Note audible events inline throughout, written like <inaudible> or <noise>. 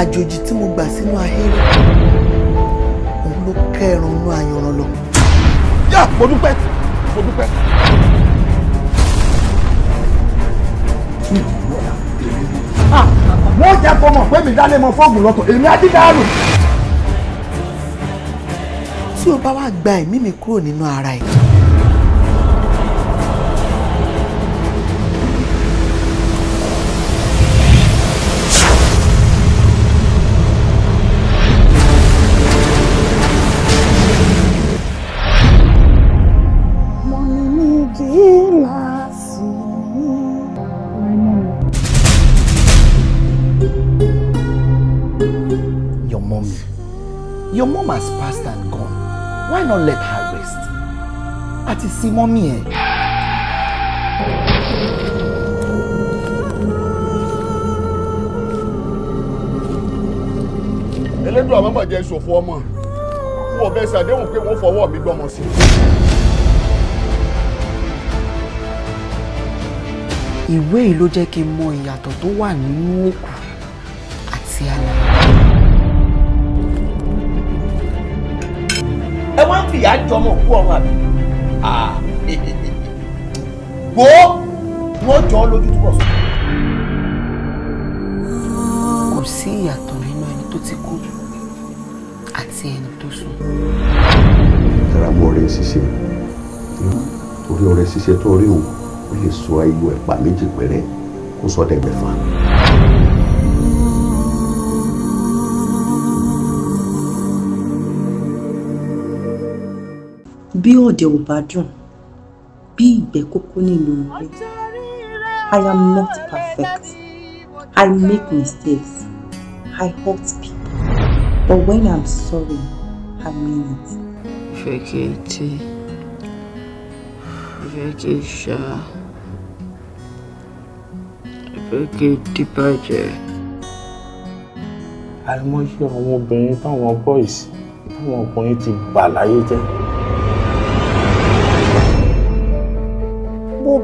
àjòjì tí mo gbà sínú ahéré òun ló kẹrun inú ayanran lọ. yá mo dúpẹ́ mo dúpẹ́. Ah, wọ́n jẹ́ kó mọ̀ pé mi dálé mọ fọ́ọ̀gùn lọ́tọ̀ èmi á dídá rò. tí o bá wá gba ẹ̀mí mi kúrò nínú ara ẹ̀. not let her rest? a ti sin mọ́mí ẹ̀. elédùn àmọ́bàjẹ́ ìṣòfò ọmọ wọ́n bẹ́ẹ̀ ṣàdéhùn pé wọ́n fọwọ́ mi gbọ́mọ sí i. ìwé yìí ló jẹ́ kí n mọ ìyàtọ̀ tó wà nínú òkú àti àlá. ìdájọ́ ọmọ òkú ọmọ àbí wo wọ́n jọ ọ́ lójú túbọ̀ sọ. kò sí ìyàtọ̀ nínú ẹni tó ti kú àti ẹni tó sùn. tara mọ ọrẹ ṣíṣe orí ọrẹ ṣíṣe tó rí o ó lè sọ ayé ẹ̀pà méjì péré kó sọ dẹgbẹ̀fà. bí ọ̀dẹ̀ ò bá dùn bí ìgbẹ́ kókó nílò orí I am not perfect I make mistakes I hurt people but when I'm sorry I mean it. ìfẹ́ kìí tí ìfẹ́ kìí ṣá ìfẹ́ kìí dìbàjẹ́. àìmọye àwọn obìnrin táwọn boys táwọn ọkùnrin ti bà láyé jẹ́.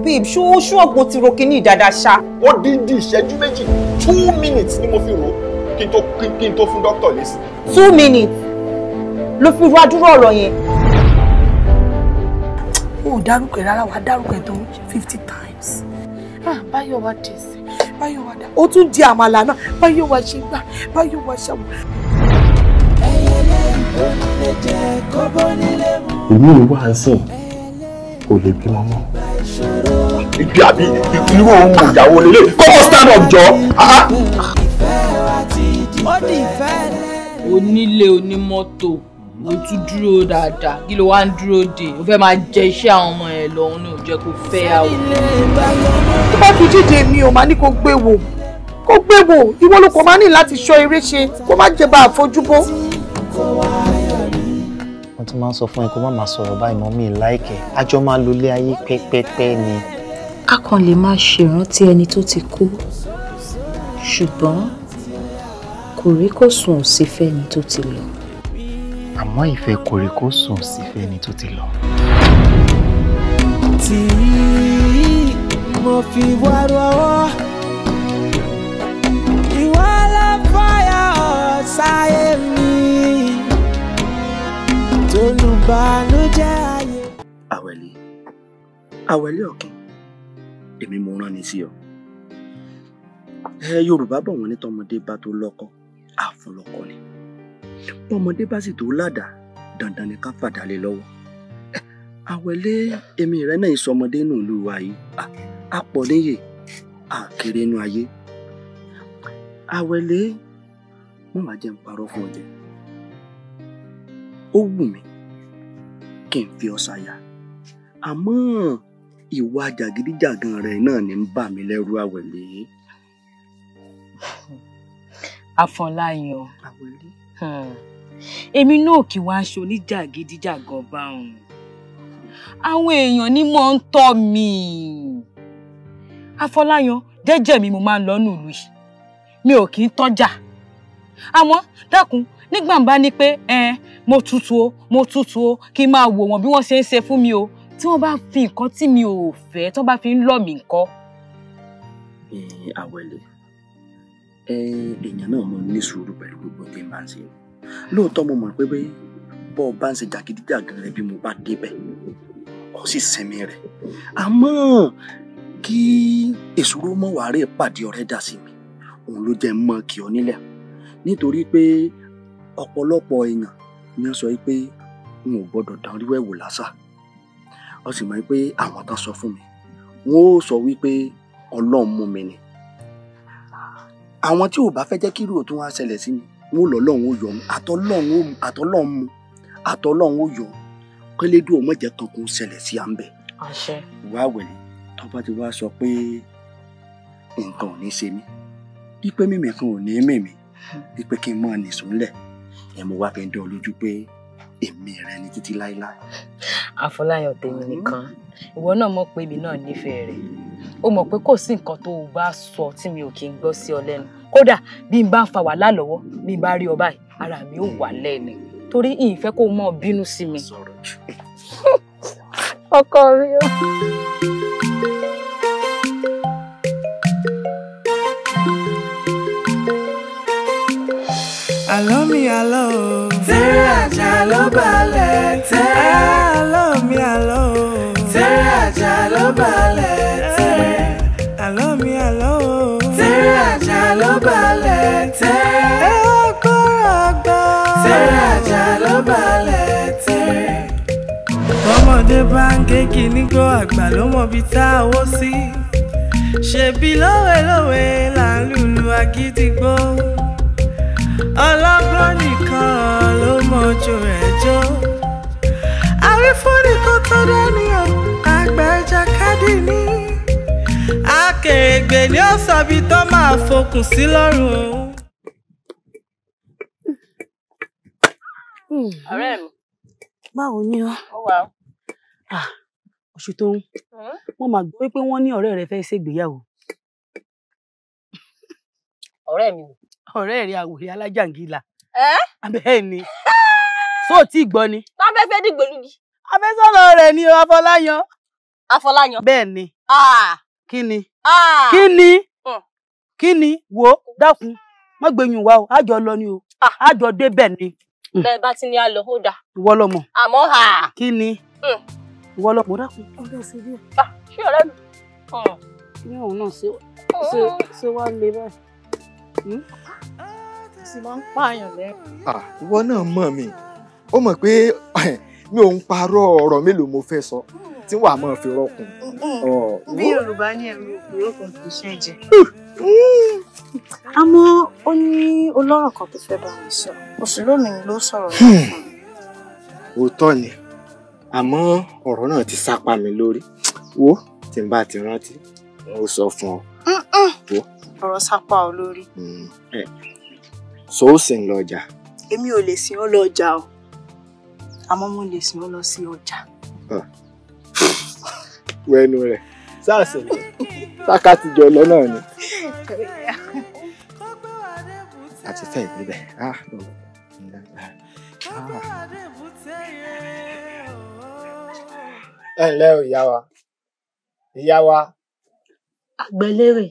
babe ṣó ṣó ọ̀pọ̀ ti ro kíní ìdáadáa ṣá. ó dín dín ìṣẹ́jú méjì two minutes ni mo fi rò kí n tó kí n tó fún dókítà lésì. two minutes ló fi ro adúrò ọ̀rọ̀ yẹn. o ò dárúkọ ẹ rárá wa dárúkọ ẹ tó fifty times. ah báyọ̀ wá dé sí báyọ̀ wá dá ó tún di àmàlà náà báyọ̀ wá ṣe gbà báyọ̀ wá ṣe wà. èmi ò wá ń kò le bímọ mọ́. ibi àbí irú òun mò ìyàwó lélẹ̀ kọ́kọ́ stand up jọ. Ah, ah. onílé onímọ́tò o tún dúró dáadáa kí ló wá ń dúró dè o fẹ́ máa jẹ iṣẹ́ àwọn ọmọ ẹ̀ lọ́hún ni ò jẹ́ kó fẹ́ àwọn. tó bá fi jíjẹ mi ò máa ní kó gbé wò kó gbé wò ìwọ ló kò máa ní láti ṣọ́ eré ṣe kó má jẹ bá àfojúbó wọ́n ti máa ń sọ fún ẹ kó má máa sọ̀rọ̀ báyìí mọ́ mi láìkẹ́ àjọ máa lo ilé ayé pẹ́pẹ́pẹ́ ni. a kàn lè máa ṣèrántí ẹni tó ti kú ṣùgbọ́n kò rí kó sùn sí fẹ́ni tó ti lọ. àmọ́ ìfẹ́ kò rí kó sùn sí fẹ́ni tó ti lọ. tí mo fi wá rọ ọ́. àwẹ̀lẹ́ ọ̀kìn èmi mo rán ni sí ọ ẹ yorùbá bọ̀ wọ́n ní tọmọdé bá tó lọ́kọ àfọlọ́kọ ni bọ́mọdé bá sì tó ládàá dandan ni ká fàdálẹ̀ lọ́wọ́ àwẹ̀lẹ́ èmi rẹ náà ìsọmọdé nù lù wá yìí àpọ̀ níyè àkèrè inú ayé àwẹ̀lẹ́ mo máa jẹ́ ń parọ́ fún ọ jẹ́ ó wù mí kí n fi ọ ṣàyà àmọ́ ìwà jàgídíjàgan rẹ náà ní ń bà mí lẹ́rù àwẹ̀lẹ́. Afọláyan hmm. èmi náà kì wá aṣọ oníjàgídíjàgan bá òun àwọn èèyàn ni mo ń tọ́ mi Afọláyan jẹ́jẹ́ mi mo máa ń lọ nùlù yìí mi ò kì í tọ́jà àmọ́ dákun nígbà bá ní pé mo tutù o mo tutù o kí n máa wò wọ́n bí wọ́n ṣe ń ṣe fún mi o tí wọ́n bá fi nǹkan tí mi ò fẹ́ tí wọ́n bá fi ń lọ̀ mí nǹkan. àwẹ̀lẹ̀ èèyàn náà mo ní sùúrù pẹ̀lú gbogbo tí màá ṣe lóòótọ́ mo mọ̀ pé bọ́ ọ bá ń ṣe jàgídíjàgan rẹ bí mo bá débẹ̀ ọ sì sinmi rẹ̀ àmọ́ kí èsúró mọ̀ wàá rè pàdé ọ̀rẹ́ dà sí mi òun ló jẹ́ mọ́ kí ọ nílẹ̀ nítorí pé ọ̀pọ̀lọpọ̀ èèyàn ni wọ́n sọ pé n ò gbọ́dọ̀ dán orí wẹ̀wò lásà ó sì mọ̀ pé àwọn tó sọ fún mi wọ́n ó sọ wípé ọlọ́run mú mi ni àwọn tí ò bá fẹ́ jẹ́ kí irú òtún wá ṣẹlẹ̀ sí mi wọn ò lọ́lọ́run ó yọ ọ́n àtọ́lọ́run mu àtọ́lọ́run ó yọ ọ́n kélédú jẹ́ kankan ṣẹlẹ̀ sí à ń bẹ̀. ìwà àwẹ̀lẹ̀ tó bá ti wá sọ pé nǹkan ò ní ṣe mí wípé mímì kan ò ní mímì wípé kí n mọ̀ nìṣó ńlẹ̀ ẹ̀ mo wá fi ń dán ọ lójú pé èmi rẹ ni títí láíláí. àfọláyàn tèmi mm-hmm. nìkan ìwọ náà mọ pé èmi náà nífẹ̀ẹ́ rẹ O mọ pé kò sí nǹkan tó o bá sọ tí mi ò kì sí ọ lẹ́nu kódà bí n bá fa wàhálà bí n bá rí ọ báyìí ara mi ò wà lẹ́nu torí ìfẹ́ kó o bínú sí mi. mi o. Àjàló balẹ̀ tẹ́rẹ́. Àlọ́ mi àlọ́ o. Tẹ́rẹ́ Àjàló balẹ̀ tẹ́rẹ́. Àlọ́ mi àlọ́ o. Tẹ́rẹ́ Àjàló balẹ̀ tẹ́rẹ́. Ẹ ó kọ́ra gbọ́. Tẹ́rẹ́ Àjàló balẹ̀ tẹ́rẹ́. Bọ́mọdé bá ń gé kíní gbó àgbà ló mọ ibi tá a wó sí. Ṣèbí lówelówe là ń lùlù agídígbò ọlọ́gbọ́n nìkan ló mọ̀jú rẹ̀ jó àwífúnni kan tó dání o àgbẹ̀jà kádì ní. akèrègbè ni ó sọ ibi tó máa fokùn sí lọ́rùn. ọ̀rẹ́ mi. báwo ni o. oṣù tó ń hmm? wọ́n máa gbọ́ pé wọ́n ní ọ̀rẹ́ rẹ̀ fẹ́ ṣègbéyàwó. ọ̀rẹ́ mi o ọ̀rẹ́ rẹ̀ àwòrán alájàngílà. ẹ́ abẹ́ẹ̀ ah, ni sóò tí gbọ́ ni. tábẹ́fẹ́ dìgbòlugi. afẹ́sọ́nà rẹ̀ ni afọláyan. afọláyan. bẹ́ẹ̀ ni. Ah. kí ni. Ah. kí ni. kí ni wo dákun má gbẹ̀yìn wa o àjọ lọ ni o àjọ débẹ̀ ni. Hmm. bẹ́ẹ̀ bá ti ní a lọ ó dà. ìwọ lọmọ. àmọ́ ha. kí ni. Hmm. ìwọ lọmọ dákun. ọ̀rẹ́ ṣe bí ẹ. ṣé ọ̀rẹ́ mi. kí ni òun náà ṣe hmm. wá lè báyìí. Hmm? sì máa ń pààyàn lẹ́rìn. ìwọ náà mọ̀ mi ó mọ̀ pé <laughs> mi ò ń parọ́ ọ̀rọ̀ mélòó mo fẹ́ sọ tí wàá máa fi rọkùn. Hmm, hmm. bí yorùbá ní ẹ̀rù òkúrò kan kì í ṣe jẹ. àmọ́ ó ní olórọ̀ kan tó fẹ́ bá mi sọ oṣù lónìí ló sọ̀rọ̀ òótọ́ ni àmọ́ ọ̀rọ̀ náà ti sápa mi lórí wo tí n bá ti rántí n ó sọ fún ọ ọ̀rọ̀ sápá olórí. Hmm. so ó sì ń lọ ọjà. èmi ò lè sìn ọ́ lọ ọjà o àmọ́ mo lè sìn ọ́ lọ sí ọjà. Ah. wẹ́nu rẹ̀ sáàsì rẹ̀ sáká jọ lọ ni. àti fẹ́ ìlú ah no. Ah. ẹ ǹlẹ́ o ìyá wa ìyá wa. àgbẹ̀lérè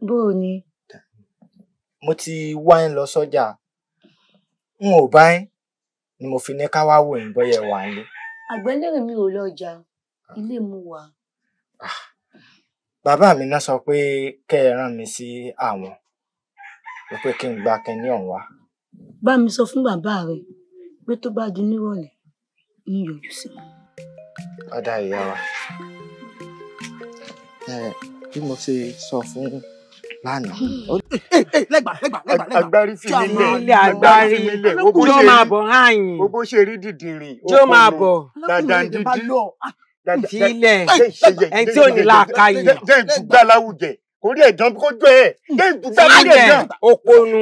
bó o ni. mo ti wá ń lọ sọ́jà n ò bá ń ni mo fi ní ká wá wò ń bọ́yẹ̀ wà ń lé. àgbẹ́lẹ̀rè mi ò lọ́jà ah. ilé mu wà. Ah. bàbá mi náà sọ pé kẹ́ ẹ rán mi sí àwọn ló pé kí n gba kẹ́ni ọ̀hún wá. bá mi sọ fún bàbá rẹ pé tó bá di nírọ̀lẹ́ ń yọjú sí ọ̀dà ìyá wa bí mo ṣe sọ fún lánàá. lẹ́gbàá lẹ́gbàá lẹ́gbàá. agbárí fi mi lẹ̀ ilé agbárí jó máa bọ̀ áyìn. o bó ṣe rí dìdìrín. jó máa bọ̀. dandan dídí. fi ilẹ̀ ẹ̀ tí ò ní láàka yìí. dẹ́n gbá láwùjẹ kórí ẹ̀dán kó jọ ẹ̀ kéèyàn tó gbá kórí ẹ̀dán. òponu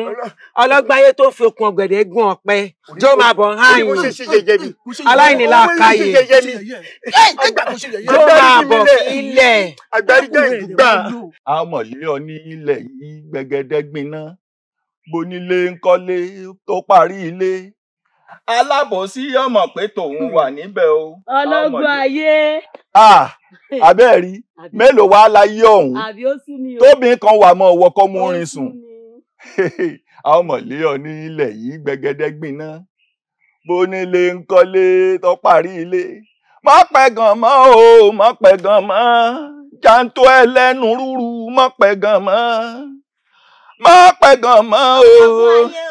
ọlọ́gbáyé tó fi okun ọ̀gẹ̀dẹ̀ gún ọ̀pẹ jó máa bọ̀ háìn aláìní la ka jó máa bọ̀ ilẹ̀. a mọ̀ lé ọ ní ilẹ̀ yìí gbẹgẹdẹ gbiná bonílé ńkọ́lé tó parí ilé alábòsí yóò mọ̀ pé tòun hmm. wà níbẹ̀ o. ọlọ́gbọ́n ayé. àbẹ́ẹ̀rí <laughs> mélòó wàá láyé ọ̀hún tóbìnrin kan wà mọ́ ọwọ́kọ́ mú rin sùn. <laughs> a ó mọ̀ lé ọ ní ilẹ̀ yìí gbẹgẹdẹ́ gbiná bónílé ń kọ́lé tó parí ilé mọ́ pẹ́ gan mọ́ o mọ́ pẹ́ gan mọ́ jàǹtó ẹlẹ́nu rúru mọ́ pẹ́ gan mọ́ mọ́ pẹ́ gan mọ́ o.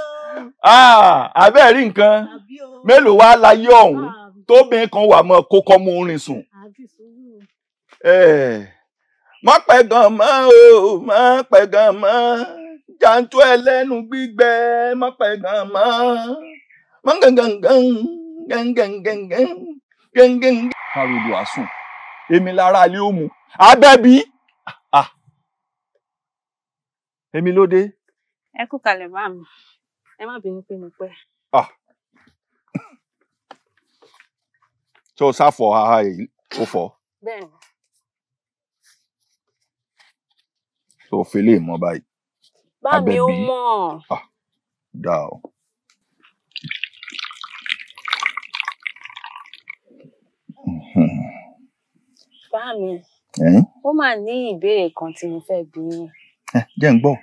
Ah, abẹ́ rí nǹkan mélòó wá láyé ọ̀hún ah. tóbìnrin kan wà mọ́ kókọ́ mú orin sùn. Eh, mọ́ pẹ́ gan mọ́ o mọ́ pẹ́ gan mọ́ jàǹtó ẹlẹ́nu gbígbẹ mọ́ pẹ́ gan mọ́ mọ́ gangan gangan gangan. károdù àsùn èmi lára ilé ó mu abẹ́bí ah. èmi ló dé. ẹ kú kalẹ̀ bá mi ẹ má bínú pé mo pẹ́. Ah. ṣé o sáfọ haha yìí ó fọ. bẹ́ẹ̀ni. tó o fi lè mọ báyìí. bá mi ó mọ̀. Ah, dá o. bá mi ó máa ní ìbéèrè kan tí mo fẹ́ bi jẹ́ ń gbọ́.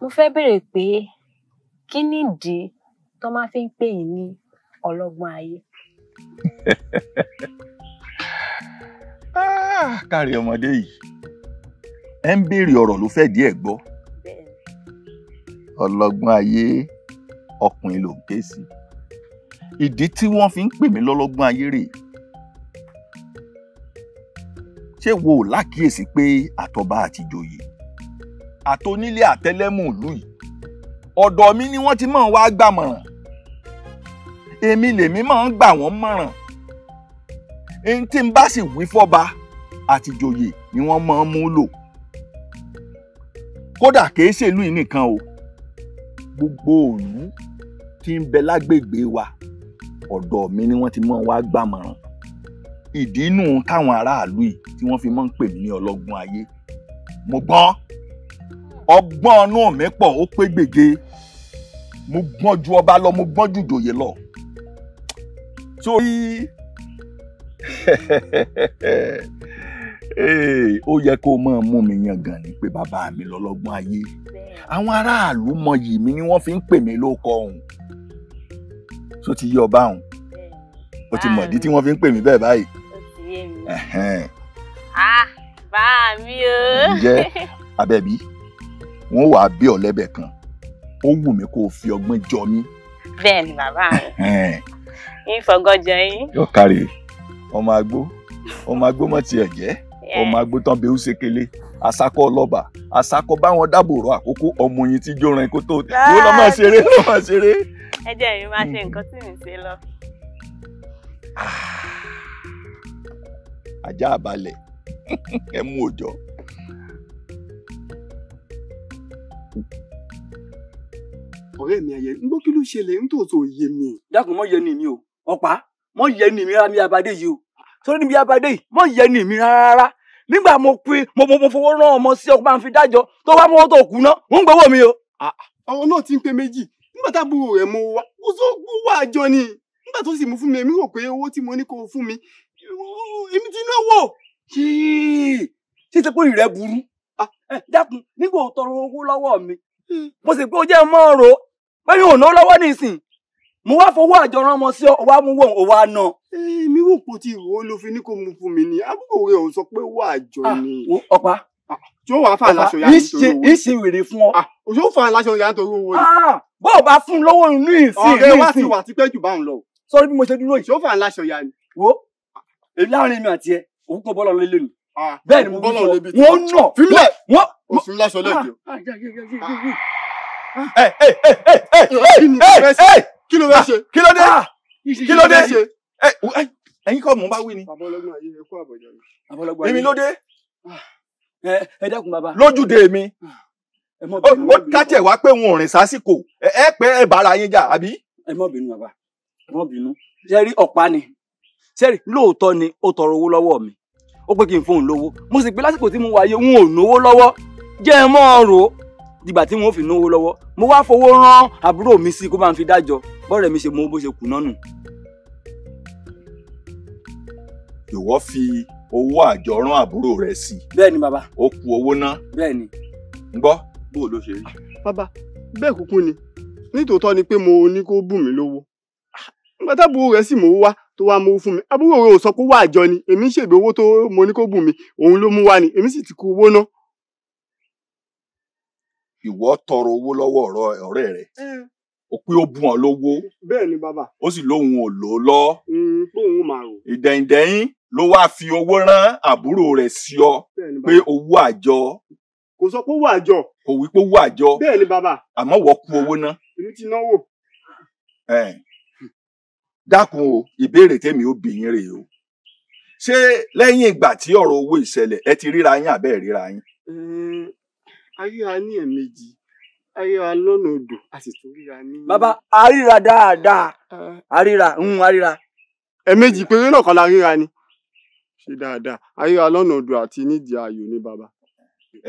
mo fẹ́ béèrè pé kí nìdí tó máa fi ń pè yín ní ọlọ́gbọ́n ayé. Ah, kárí ọmọdé yìí ẹ ń béèrè ọ̀rọ̀ ló fẹ́ díẹ̀ gbọ́ ọlọ́gbọ́n ayé ọkùnrin ló ń ké sí ìdí tí wọ́n fi ń pè mí lọ́lọ́gbọ́n ayé rèé ṣé wo ò lákìyèsí pé àtọba àtijọ́ yìí àtonílé àtẹlẹ́mù ìlú yìí ọ̀dọ̀ mi ni wọ́n ti máa ń wá gbàmọ̀ràn èmi lèmi máa ń gbà wọ́n mọ̀ràn ẹni tí n bá sì wí fọ́ba àtìjòyè ni wọ́n máa ń mú lò kódà kìí ṣèlú yìí nìkan o gbogbo òlú tí ń bẹ lágbègbè wa ọ̀dọ̀ mi ni wọ́n ti máa ń wá gbàmọ̀ràn ìdí inú táwọn aráàlú yìí tí wọ́n fi máa ń pè mí ní ọlọ́gbọ́n ayé mo gbọ́n ọgbọ́n ọnú mi pọ̀ ó pé gbèje mo gbọ́n ju ọba lọ mo gbọ́n ju ìjòyè lọ sórí <laughs> ó yẹ kó máa mú mi yangàn ni pé bàbá mi lọ́lọ́gbọ́n ayé àwọn aráàlú mọyì mi ni wọ́n fi ń pè mí lóko ọ̀hún tó ti yí ọba ọ̀hún o ti mọ̀dí tí wọ́n fi ń pè mí bẹ́ẹ̀ báyìí. ah bá mi o. ǹjẹ́ abẹ́bí wọ́n wàá bí ọ lẹ́bẹ̀ kan ó wù mí kó o fi ọgbọ́n jọ mí. bẹ́ẹ̀ ni bàbá mi ìfọgọjọ yín. yóò kárí ọmọ agbó ọmọ agbó mọ tiẹ̀ jẹ́ ọmọ agbó tán bẹ ṣekele asakọ ọlọba asakọ báwọn dábòrò àkókò ọmọ yín tí jórin kó tó yóò lọ máa ṣeré lọ máa ṣeré. ẹ jẹ́ èmi máa ṣe nǹkan tí mi ṣe lọ. Ah. ajá àbálẹ̀ <laughs> ẹ mú òjò. ọ̀rẹ́ mi ẹ̀yẹ ń gbọ́ kí ló ṣẹlẹ̀ ń tòótọ́ yé mi. dákun mọ yẹni mi o ọ̀pá mọ yẹni mi rárá ní abadé yìí o sórí níbi abadé yìí mọ yẹni mi rárá nígbà mo pe mo mo fowó rán ọmọ sí ọkọ bá fi dájọ́ tó bá mọ́wọ́ kú ná ń gbowó mi o. ọ̀rọ̀ náà ti ń pe méjì nígbà táàbùrò rẹ̀ mo wá ó tó kú wá àjọ ni nígbà tó sì mú fún mi èmi rò pé owó tí mo ní kó fún mi èmi ti náwó. ṣé ṣé ṣe pé ìrẹ́ burú dákun nígbà ò tọrọ owó lọ́wọ́ mi hmm. mo sì pé ó jẹ́ mọ́ ọ̀rọ̀ báyìí ò náwó lọ́wọ́ nísìn mo wá fowó àjọ rán ọmọ sí ọ wá mú wọn ò wá ná. èmi eh, wò pé tí ìwọ ló fi ní kó mu fún mi ni àbúkò rẹ ò sọ pé owó àjọ ah, ni. ọ̀pá tí ah, ó wàá fà láṣọ yá nítorí owó. ìṣe wèrè fún ọ. òṣèlú ah, fà láṣọ yá nítorí owó ni. bọ́ọ̀ bá fún lọ́wọ́ inú ìsìn. ọ̀rẹ́ wa ti wà tipẹ́ jù báwọn lọ. sọ bí mo ṣe dúró yìí. òṣèlú fà láṣọ yá ni. wo láàrin mi àti ẹ òkú kan bọ́ lọ lé lónìí. Ah, bẹ́ẹ̀ ni mo gbọ́ wọ́n nà fílẹ̀ wọ́n. o fi lásọ lẹ́jọ́. kí ló eh, fẹ́ eh, ah, ṣe. kí ló dé ah. kí ló dé eh, ẹ̀yin kọ́ mò ń bá wí ni. àbọ̀lọ́gbọ̀n ayé ẹ̀kọ́ àbọ̀jọ́ mi. àbọ̀lọ́gbọ̀n ayé èmi ló dé. ẹ dákun bàbá. de? mi ó kájẹ̀ wá pé wọn ò rìn sásìkò ẹ pé ẹ bára yín jà àbí. ẹ má bínú bàbá ẹ má bínú ṣe rí ọ̀pá ni ṣe rí lóòótọ́ ni ó tọrọ owó lọ́wọ́ mi ó pé kí n fóun lówó mo sì pé lásìkò tí mo wáyé n ò náwó lọ́wọ́ jẹ́ ẹ mọ́ ọ̀rọ̀ dìgbà tí wọ́n fi náwó lọ́wọ́ mo wá fowó rán àbúrò mi sí kó bá ń fi dájọ́ bọ́ọ̀rẹ́ mi ṣe mọ bó ṣe kù náà nù. ìwọ fi owó àjọ rán àbúrò rẹ sí. bẹ́ẹ̀ni bàbá. ó ku owó náà. bẹ́ẹ̀ni. ń gbọ́ bó ló ṣe rí. bàbá bẹ́ẹ̀ kúkú ni nítòótọ́ ni pé mo ní kó bù mí lówó nígbà tábù rẹ̀ sì mò wá tó wá mówó fún mi abúrò rẹ ò sọ pé wà àjọ ni èmi ń ṣègbè owó tó mo ní kó bùn mi òun ló mú wá ni èmi sì ti kú owó náà. ìwọ tọrọ owó lọ́wọ́ ọ̀rẹ́ rẹ ó pé ó bùn ọ lówó bẹ́ẹ̀ ni bàbá ó sì lóun ò lò ó lọ. Mm, lóun ló wáá fi owó rán àbúrò rẹ̀ sí ọ pé owó àjọ. kò sọ pé owó àjọ. kò wí pé owó àjọ. bẹ́ẹ̀ ni bàbá. àmọ́ kú owó ná. èmi ti náwó. dákun o ìbéèrè tèmi ó bìyín rèé o ṣé lẹyìn ìgbà tí ọ̀rọ̀ owó ìṣẹ̀lẹ̀ ẹ ti ríra yín àbẹ ríra yín. ayíra ní ẹ̀ẹ̀mejì ayíra lọ́nà odò a sì tún ríra ní. bàbá àríra dáadáa àríra ń àríra. ẹ̀ẹ̀mejì péré náà kọ́ la ríra ni ṣe dáadáa àríra lọ́nà odò àti nídìí ayò ní bàbá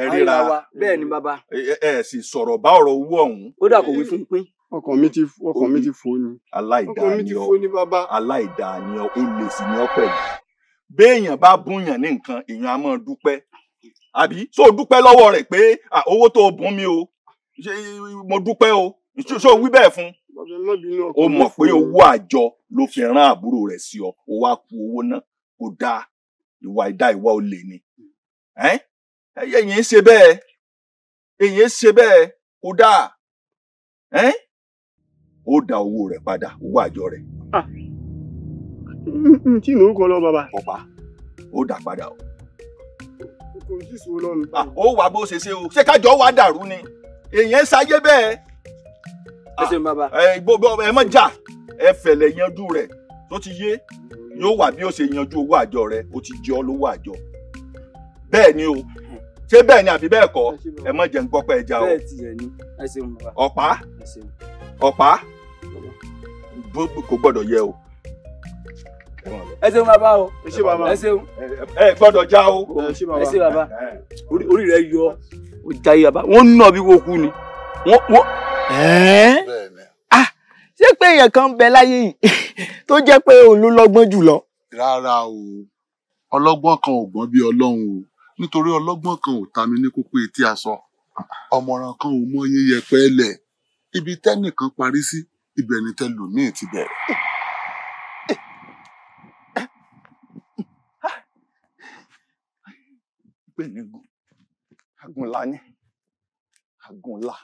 ẹ ríra wa bẹ́ẹ̀ ni bàbá. ẹ ẹ sì sọ̀rọ̀ bá ọ̀rọ̀ owó ọ̀hún. ó dà kó wí fún pín. ọkàn mi ti ọkàn mi ti fò ni ọkàn mi ti fò ni bàbá. aláìdáa ni ọ ó lè sí ní ọpẹ yìí béèyàn bá búyàn ní nǹkan èèyàn á máa dúpẹ́ àbí so dúpẹ́ lọ́wọ́ rẹ̀ pé owó tó bùn mi o mo dúpẹ́ o so wí bẹ́ẹ̀ fún o mọ̀ pé owó àjọ ló fi rán àbúrò rẹ̀ sí ọ o wá ku owó náà kò dáa ìwà ìdá ìwà olè ni ẹyẹ yìí ń ṣe bẹ́ẹ̀ èyí ń ṣe bẹ́ẹ̀ kò dáa. ó da owó rẹ̀ padà owó àjọ rẹ̀. n tí ń kọ lọ bàbá. ọba ó o. kò sí ìṣòro lọ́nu. ó wà bó ṣe ṣe o ṣé ni èèyàn ṣayé bẹ́ẹ̀. ẹ bàbá. ẹ gbogbo ẹ mọ jà ẹ yanjú tó ti yé yóò wà bí ó ṣe yanjú owó àjọ ti jẹ lówó àjọ ni o ṣé ni àbí ẹ ẹja o kò gbọ́dọ̀ yẹ o ẹ ṣeun bàbá o ẹ ṣeun bàbá ẹ ṣeun ẹ gbọ́dọ̀ já o ẹ ṣeun bàbá orí rẹ yọ o jayé bàbá wọn nà bí wo kú ni wọn wọn. ṣé pé èèyàn kan bẹ láyé yìí <laughs> tó jẹ́ pé òun ló lọ́gbọ́n jùlọ. rárá o ọlọ́gbọ́n kan ò gbọ́n bí ọlọ́run o nítorí ọlọ́gbọ́n kan ò ta mi ní kókó etí aṣọ ọmọràn kan ò mọ yẹyẹ pẹ́ẹ́lẹ̀ ibi tẹ́nìkan parí sí ibẹ̀ ni tẹlòmíì ti bẹ̀rẹ̀. gbẹ̀nìgùn agunla ni agunla.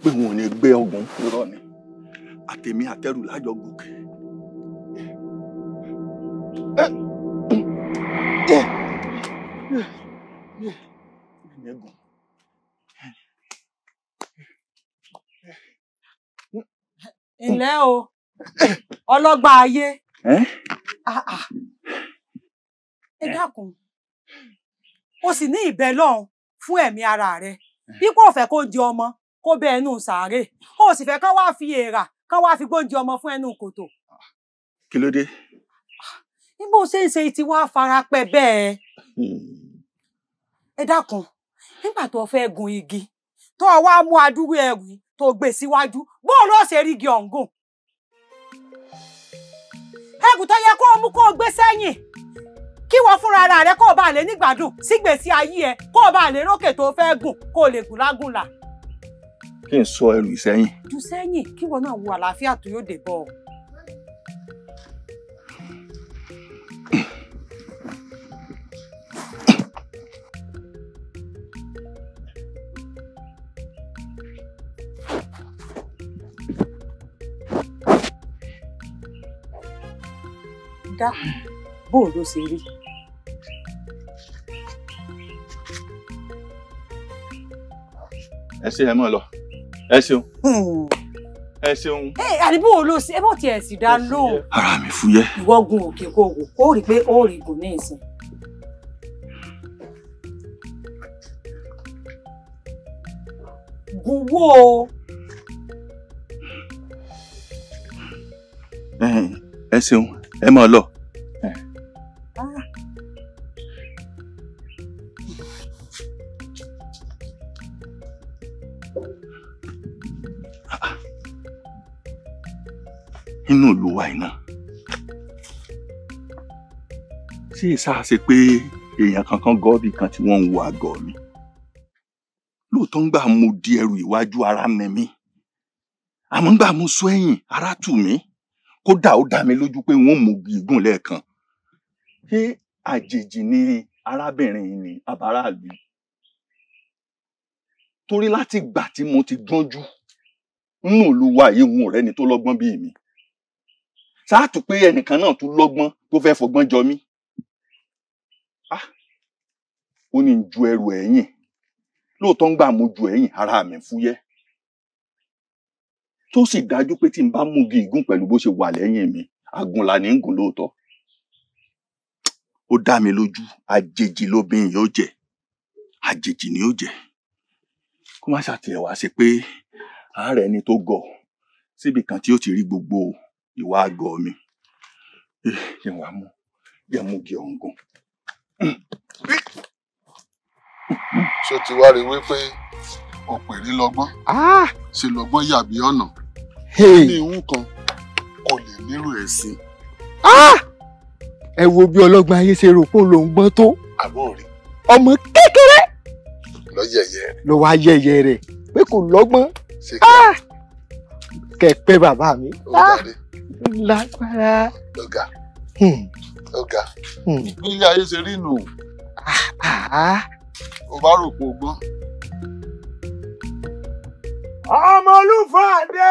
pé wọn ò ní gbé ọgbọ̀n kúrọ̀ ni àtẹ̀mí àtẹrù lájọ gòkè. Ǹlẹ́ o, ọlọ́gbà ayé. Ah, ah. Ẹ dákun, o sì ní ìbẹ̀ lọ́hùn fún ẹ̀mí ara rẹ, Bí kò fẹ́ kó di ọmọ, kó bẹ ẹnu sàárè. O sì fẹ́ kán wá fi èèrà, kán wá fi gbóúnjẹ ọmọ fún ẹnu kòtò. Kí ló dé? Níbo ṣe ń ṣe ti wá fara pẹ́ bẹ́ẹ̀. Hmm. ẹ dákun nígbà tó fẹ́ gun igi tó wá mú adúrú ẹrù tó gbé síwájú bóun ló ṣe rí igi ọ̀ǹgùn ẹrù tó yẹ kó o mú kó o gbé sẹ́yìn kí wọ́n fúnra ara rẹ kó o bá lè nígbàdùn sígbèsí ayé ẹ kó o bá lè rókè tó fẹ́ gùn kó o lè gùn lágùn là. kí n sọ ẹrù ìsẹ́yìn. jù sẹ́yìn kí wọn náà wo àlàáfíà tó yóò dé bọ̀ ọ́. dákun bó o ló ṣe rí. ẹ hmm. ṣe ẹ mọ lọ ẹ ṣeun ẹ ṣeun. ẹ àdìbò wo ló ṣe é bó tiẹ̀ sì dá lóhùn. ara mi fúyẹ́. ìwọ gun òkè kó wò ó rí i pé ó rí gùn ní ìsìn. gun wo. ẹ ṣeun ẹ mọ̀ lọ. nínú ìlú wa iná tí ìsáà ṣe pé èèyàn kankan gọ́ọ̀bì kan tí wọ́n ń wo àgọ́ mi lóòótọ́ ń gbà mo di ẹrù iwájú ara nẹ mi àmọ́ ń gbà mo sọ ẹ̀yìn ara tù mí kódà ó dá mi lójú pé wọn mú gígùn lẹ́ẹ̀kan ṣé àjèjì ni arábìnrin yìí ni àbáráàlú torí láti gbà tí mo ti gbọ́njú nínú olúwa yìí òun ọ̀rẹ́ ni tó lọ́gbọ́n bíi mi sáàtù pé ẹnìkan náà tún lọ́gbọ́n tó fẹ́ fọgbọ́n jọ mí ó ní ju ẹrù ẹ̀yìn lóòótọ́ ń gbà mo ju ẹ̀yìn ara mi fúyẹ́ tó sì dájú pé tí n bá mú igi ìgún pẹ̀lú bó ṣe wà lẹ́yìn mi àgùnlà ní gùn lóòótọ́ ó dá mi lójú àjèjì lóbìnrin yóò jẹ àjèjì ni yóò jẹ kó má ṣàtìlẹ̀ wá ṣe pé àárẹ̀ ni tó gọ̀ síbi kan tí ó ti rí gbogbo ìwà àgọ̀ mi yẹn eh, wàá mú yẹn mú igi ọ̀hún gùn. ṣó ti wá rí wípé òpèrè lọ́gbọ́n ah! ṣe lọ́gbọ́n yàbí ọ̀nà ní ìhun kan kò lè nírò ẹ̀ sí. Ah! ẹ wo bí ọlọ́gbọ́n ayé ṣe rò pé òun lòún gbọ́n tó. àbọ̀ rẹ̀. ọmọ kékeré. lọ yẹyẹ rẹ. lọ wá yẹyẹ rẹ pé kò lọ́gbọ́n. ṣe kí ẹ. Ah! kẹpẹ bàbá mi. Ah! lágbára. ọ̀gá. ọ̀gá. Hmm. Hmm. bí ayé ṣe rí nù. o bá rò pé o gbọ́n ọmọlúfàdé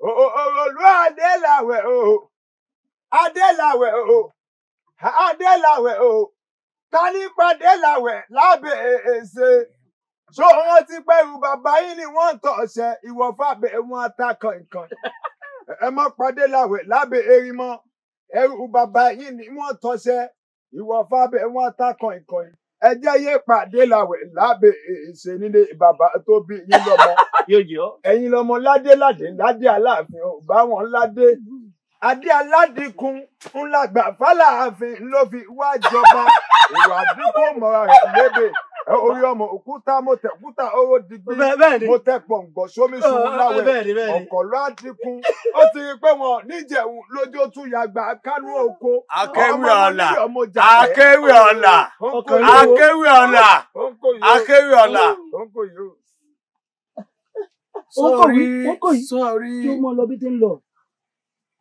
o olú adélàwẹ o adélàwẹ o adélàwẹ o tanípadélàwẹ lábẹ èsè ṣó wọn ti pẹrù bàbá yín ni wọn ń tọ ọṣẹ ìwọfàbẹ wọn ata kànkàn ẹ mọ padélàwẹ lábẹ erimọ ẹrù bàbá yín ni wọn tọṣẹ ìwọfàbẹ wọn ata kànkàn ẹ jẹ́ yé pàdé làwẹ̀ lábẹ́ èsè nílé bàbá tó bí yín lọ́mọ <laughs> ẹ̀yin lọ́mọ ládé ládé ládé aláàfin ọba wọn ládé adé aládìkún ńlá gbà fàlàáfin ló fi wá jọba ìwà àdúgbò mọ́ra rẹ̀ lébè orí ọmọ òkúta mo òkúta owó digbí mo tẹ pọ̀ǹgọ̀ sómi sùn ah, ah, láwẹ̀ ó ti rí pé wọn níjẹ̀wù lójú ó yàgbà kánú oko akéwì ọ̀la akéwì ọ̀la akéwì ọ̀la akéwì ọ̀la. sọ́ọ̀rí sọ́ọ̀rí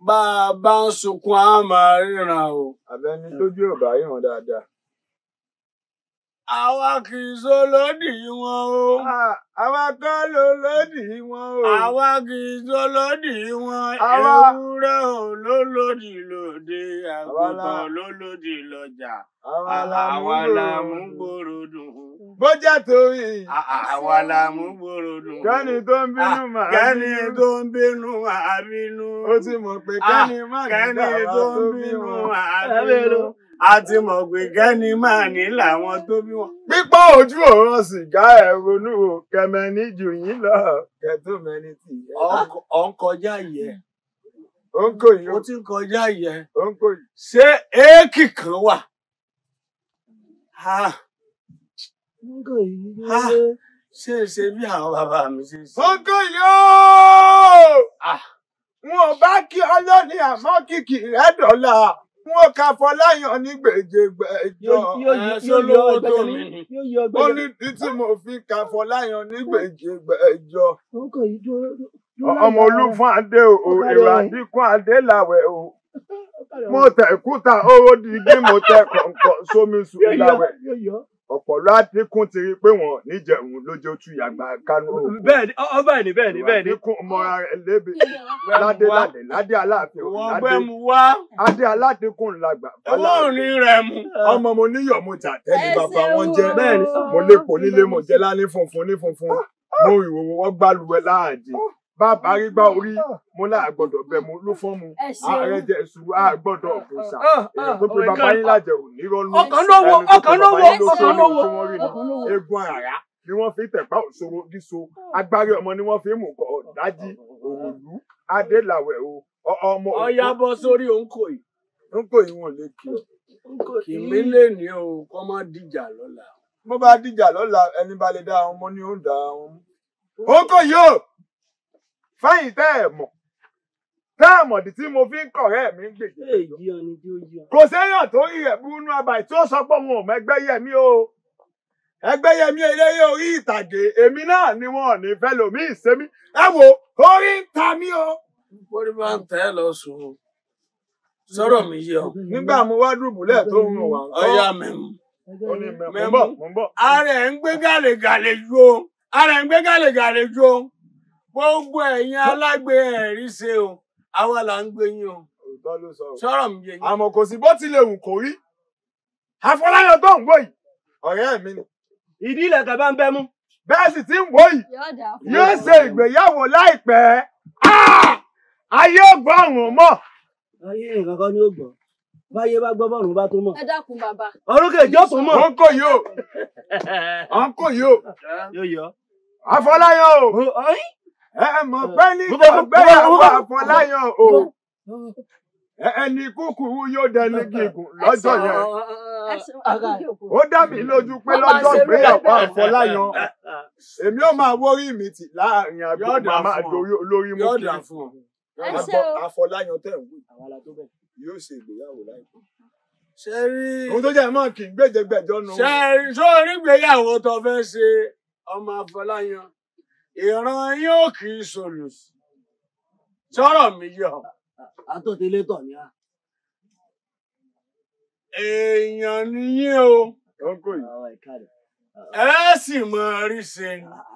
bá a bá ń sunkún a máa ríran o. àbẹ́ni lójú ò bá ríran dáadáa àwa kì í so lódì wọn o. àwa kọ́ ló lódì wọn o. àwa kì í so lódì wọn. ewúrẹ́ ò ló lòdì lòde àgùntàn ló lòdì lọ́jà. àwa la mú gbòòrò dùn. bójá torí. àwa la mú gbòòrò dùn. kẹ́ni tó ń bínú màá bínú. kẹ́ni tó ń bínú màá bínú. ó ti mọ̀ pé kẹ́ni má nígbà wá tó bínú. kẹ́ni bínú a ti mọ̀ pé kẹ́ni máa ní làwọn tó bí wọn. pípọ́ ojú òun sìgá ẹ̀ ronú o kẹmẹ ní jù yín lọ kẹtù mẹni tì yẹ. ọ̀ ń kọjá yẹ. ó ń kò yìí. ó ti ń kọjá yẹ. ó ń kò yìí. ṣé éèkì kan wà? ń kò yìí ṣe é ṣe bí àwọn bàbá mi ṣe ṣe. Ogo yóò! Ah! Wọn ò bá kí ọ lónìí àmọ́ kìkì rẹ̀ dọ́là wọn kà fọláyàn ní gbèjègbèjọ ẹsọlówó tó mi ó ní títí mo fi kà fọláyàn ní gbèjègbèjọ ọmọ olúfún adé o èrò àdínkùn adé làwẹ̀ o mo tẹ̀kúta owó digi mo tẹ̀ kọ̀ǹkọ̀ sómi sùn làwẹ̀ ọ̀pọ̀lọ́ àdínkùn ti rí pé wọ́n níjẹ̀hún lójó tú kánú òkú. bẹ́ẹ̀ni ọ bẹ́ẹ̀ni bẹ́ẹ̀ni bẹ́ẹ̀ni. àdínkùn mọra rẹ lébi ládé ládé ládé aláàfin òun ládé adé aládínkùn làgbà. owó òní rẹ mu. ọmọ mo níyọ̀ mo tà tẹ́lẹ̀ bàbá wọn jẹ́ mo lè pò nílé mo jẹ́ lálé funfun ní funfun ah, ah. mo ìwòwò wọ́n gbàlúwẹ̀ láàdì. Ah, bàbá arígbá orí mo láà gbọ́dọ̀ bẹ mo ló fọ́n mu ààrẹ jẹ ìṣòro àà gbọ́dọ̀ òkúta ah, ah, èyí tó pe oh bàbá yín lájẹ ò ní rọlú ọkàn lówó ọkàn lówó ọkàn lówó egun àrà ni wọ́n fi tẹpá òṣòro díso agbárí ọmọ ni wọ́n fi mú kọ ọdájí òwòlú adélàwẹ o ọmọ òkú. ọyá bọ sórí òǹkò yìí. òǹkò yìí wọn lè kí kì mí lè ní o kó má dìjà lọ́la. bó bá dìjà lọ́la ẹni bá lè dá àwọn ọmọ ní òǹdà àwọn. òǹkò yìí o fẹ́yìn tẹ́ ẹ̀ mọ̀ tẹ́ ẹ̀ mọ̀ tí mo fi ń kọ̀rẹ́ mi ń gbèjì. kò séèyàn tó rí rẹ̀ búnú abàì tí ó sọ pé òun ò mẹ́gbẹ́ yẹmí o ẹgbẹ́ yẹmí eléré orí ìtàgé èmi náà ni wọn ò ní fẹ́ lòmí ìsẹ́mi ẹ wo orí ń ta mí o. orí máa ń tẹ́ lọ sùn o sọ̀rọ̀ mi yé ọ. nígbà mo wá dùbúlẹ̀ tó ń wà ń kọ́. ọyá mẹ́mu mẹ́mu ààrẹ ń gbé gàlégàlé ju o ààrẹ ń gbé gàlégàlé ju o gbogbo ẹ̀yin alágbe ẹ̀rí ṣe o àwa là ń gbé yín o sọ̀rọ̀ mi yé yín. àmọ́ kò sí bó tilẹ̀ wù kó rí Afọláyàn tó ń wò yìí ọ̀rẹ́ mi ni. ìdí ilẹ̀ tẹ̀ bá ń bẹ́ mú. bẹ́ẹ̀ sì ti ń wò yìí yóò ṣe ìgbéyàwó láìpẹ́ ah! ayé ògbọ́ ọ̀run mọ̀. ayé nǹkan kan ni ó gbọ́ báyé bá gbọ́ bọ́ọ̀rùn bá tó mọ̀. ẹ dákun bàbá. orókè ìjọ tó mọ̀. ọkọ yóò ọkọ yóò. yóò yọ. Afọláyàn o ẹ mọ̀ pé nígbà gbéyàwó àfọláyàn o ẹni kúkúrú yóò dẹni gígùn lọ́jọ́ yẹn ó dá mi lójú pé lọ́jọ́ ìgbéyàwó àfọláyàn èmi ó máa wórí mi tì láàrin àgbò máa dorí olórí mú kiri àfọláyàn tẹ̀ ń wí yóò ṣe ìgbéyàwó láìpẹ́ ṣe rí ohun tó jẹ́ mọ́ kì í gbèjẹgbẹ̀jọ́ nu. ṣe rí sórí ìgbéyàwó tó fẹ́ ṣe ọmọ àfọláyàn ìran yóò kì í sòlùsì sọ̀rọ̀ mi yọ. àtòtílétọ̀ ni a. èèyàn nìyẹn o ẹ sì máa rí ṣe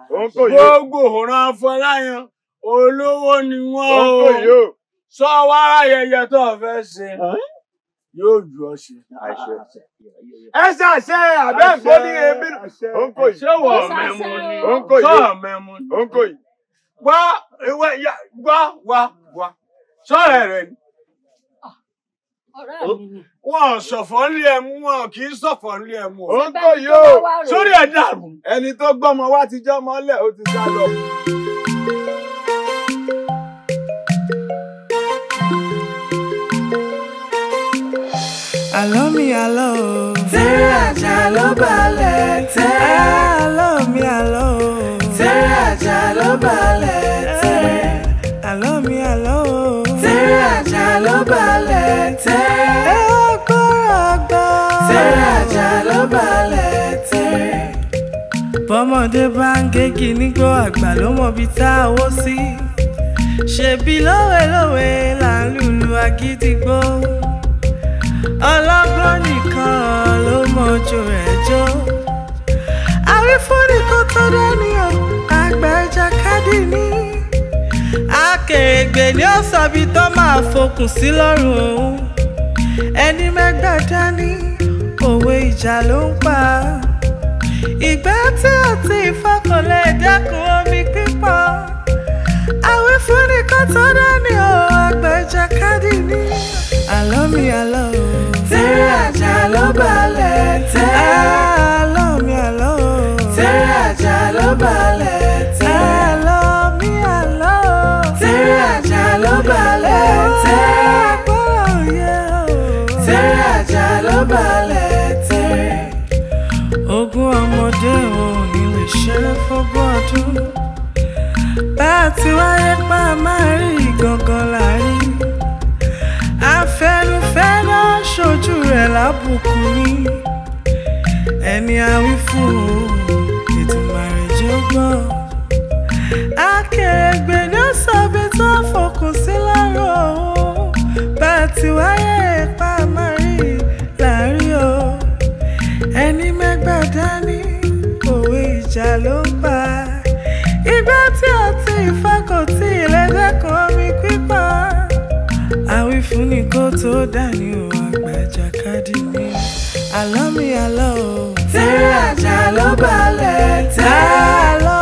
gbogbo òran afọláyan olówó ni wọn o sọ wàrà yẹyẹ tó fẹ́ ṣe yóò ju ọṣẹ. ẹsẹ àṣẹ abẹ́ ìgbóni ebi onko yìí. ṣé wọ́n mẹ́mu ni onko yìí sọ́ọ̀ mẹ́mu ni onko yìí. wá ewé ya wá wá wá sọ́ọ̀rẹ́ rẹ ni. Wọ́n sọ̀fọ̀ nílé ẹmu wọn kì í sọ̀fọ̀ nílé ẹmu. Onko yìí o sórí ẹ̀ dàrú. Ẹni tó gbọ́mọ wá ti jẹ́ ọmọ ọlẹ́ ó ti sá lọ. Àlọ́ mi àlọ́ o. Tẹ́rẹ́ àjà ló balẹ̀ tẹ́rẹ́. Ah, àlọ́ mi àlọ́ o. Tẹ́rẹ́ àjà ló balẹ̀ tẹ́rẹ́. Eh, àlọ́ mi àlọ́ o. Tẹ́rẹ́ àjà ló balẹ̀ tẹ́rẹ́. Ẹ ó kóra gbọ́. Tẹ́rẹ́ àjà ló balẹ̀ tẹ́rẹ́. Bọ́mọdé bá ń gégi nígbó àgbà ló mọ̀ bí tá a wó sí. Ṣèbí lówelówe là ń lùlù agídígbò ọlọ́gbọ́n nìkan ló mọ̀jú ẹjọ́ àwífúnni kò tó dánìyàn àgbà ìjàkadì ni akèrègbè ni ó sọbi tó máa fokùn sí lọ́rùn òun ẹni mẹ́gbà dání òwe ìjà ló ń pa ìgbà tí àti ìfọkànlẹ̀ ìdẹ́kun omi pípọ̀ àwífúnni kò tó dánìyàn àgbà ìjàkadì ni àlọ́ mi àlọ́ òun tẹ́rẹ́ àjà ló balẹ̀ tẹ́rẹ́ àlọ́ mi àlọ́ tẹ́rẹ́ àjà ló balẹ̀ tẹ́rẹ́ àlọ́ mi àlọ́ tẹ́rẹ́ àjà ló balẹ̀ tẹ́rẹ́ tẹ́rẹ́ àjà ló balẹ̀ tẹ́rẹ́ ogún ọmọdé ò ní lè ṣe fọ́gbọ́n ọdún bá a ti wáyé pa máa. àbùkù ni ẹni àwí fún ètò màrìjì ọgbọ́n. akèrègbè ló sọ̀bi tó fòkùn sí lárọ̀ o bá a ti wáyé ipa mari láàrí o ẹni mẹ́gbàá dání òwe ìjà ló ń bá igbá tí ọtí ìfakọ̀tì ìlẹ́gbẹ̀ẹ́ kan mi pípa àwífún ni kó tó dání o àlọ́ mi àlọ́ o. tẹ́rẹ̀ àjà ló balẹ̀ tẹ́ àlọ́.